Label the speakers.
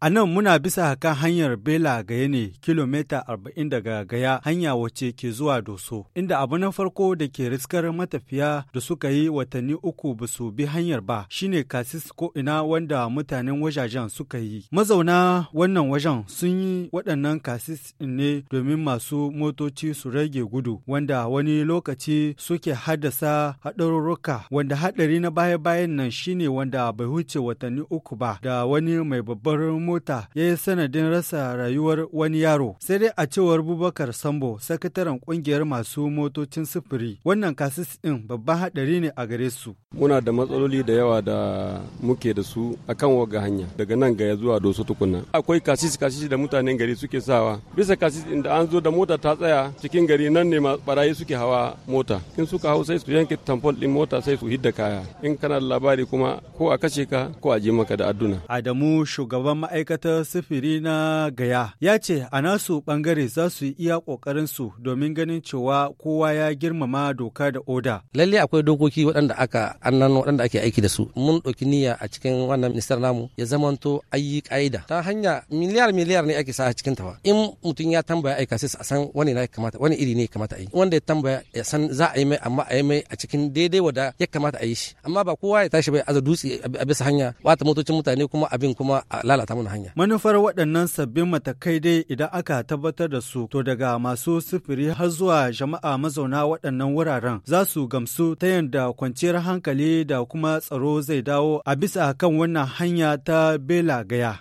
Speaker 1: A nan muna bisa kan hanyar Bela Gaya ne kilomita 40 daga Gaya hanya wacce ke zuwa Doso, inda abu na farko da ke riskar matafiya da suka yi watanni uku ba su bi hanyar ba shine kasis ko ina wanda mutanen wajajen suka yi. Mazauna wannan wajen sun yi waɗannan kasis ne domin masu motoci su rage gudu, wanda wani lokaci suke haddasa haɗarurruka, wanda haɗari na baya-bayan nan shine wanda bai huce watanni uku ba da wani mai babbar mota ya yi sanadin rasa rayuwar wani yaro. Sai dai a cewar Bubakar Sambo, sakataren kungiyar masu motocin sufuri,
Speaker 2: wannan kasis din babban haɗari ne a gare su. muna da matsaloli da yawa da muke da su akan waga hanya daga nan ga zuwa doso tukuna akwai kasis kasis da mutanen gari suke sawa bisa kasis inda an zo da mota ta tsaya cikin gari nan ne barayi suke hawa mota in suka hau sai su yanke tamfol din mota sai su hidda kaya in kana labari kuma ko a kashe ka ko a je maka da adduna adamu shugaban ma'aikatar
Speaker 1: sifiri na gaya ya ce a nasu bangare za su yi iya kokarin su domin ganin cewa kowa ya girmama doka da oda
Speaker 3: lalle akwai dokoki waɗanda aka annan waɗanda ake aiki da su mun ɗauki niyya a cikin wannan ministar namu ya zamanto ayi ka'ida ta hanya miliyar miliyar ne ake sa a cikin tawa in mutum ya tambaya aika sai a san wani ne kamata wani iri ne kamata a yi wanda ya tambaya ya san za a yi mai amma a yi mai a cikin daidai wada ya kamata a yi shi amma ba kowa ya tashi bai aza dutse a bisa hanya wata motocin mutane kuma abin kuma a lalata mana hanya
Speaker 1: manufar waɗannan sabbin matakai dai idan aka tabbatar da su to daga masu sufuri har zuwa jama'a mazauna waɗannan wuraren za su gamsu ta yadda kwanciyar hankali da kuma tsaro zai dawo a bisa kan wannan hanya ta Bela Gaya.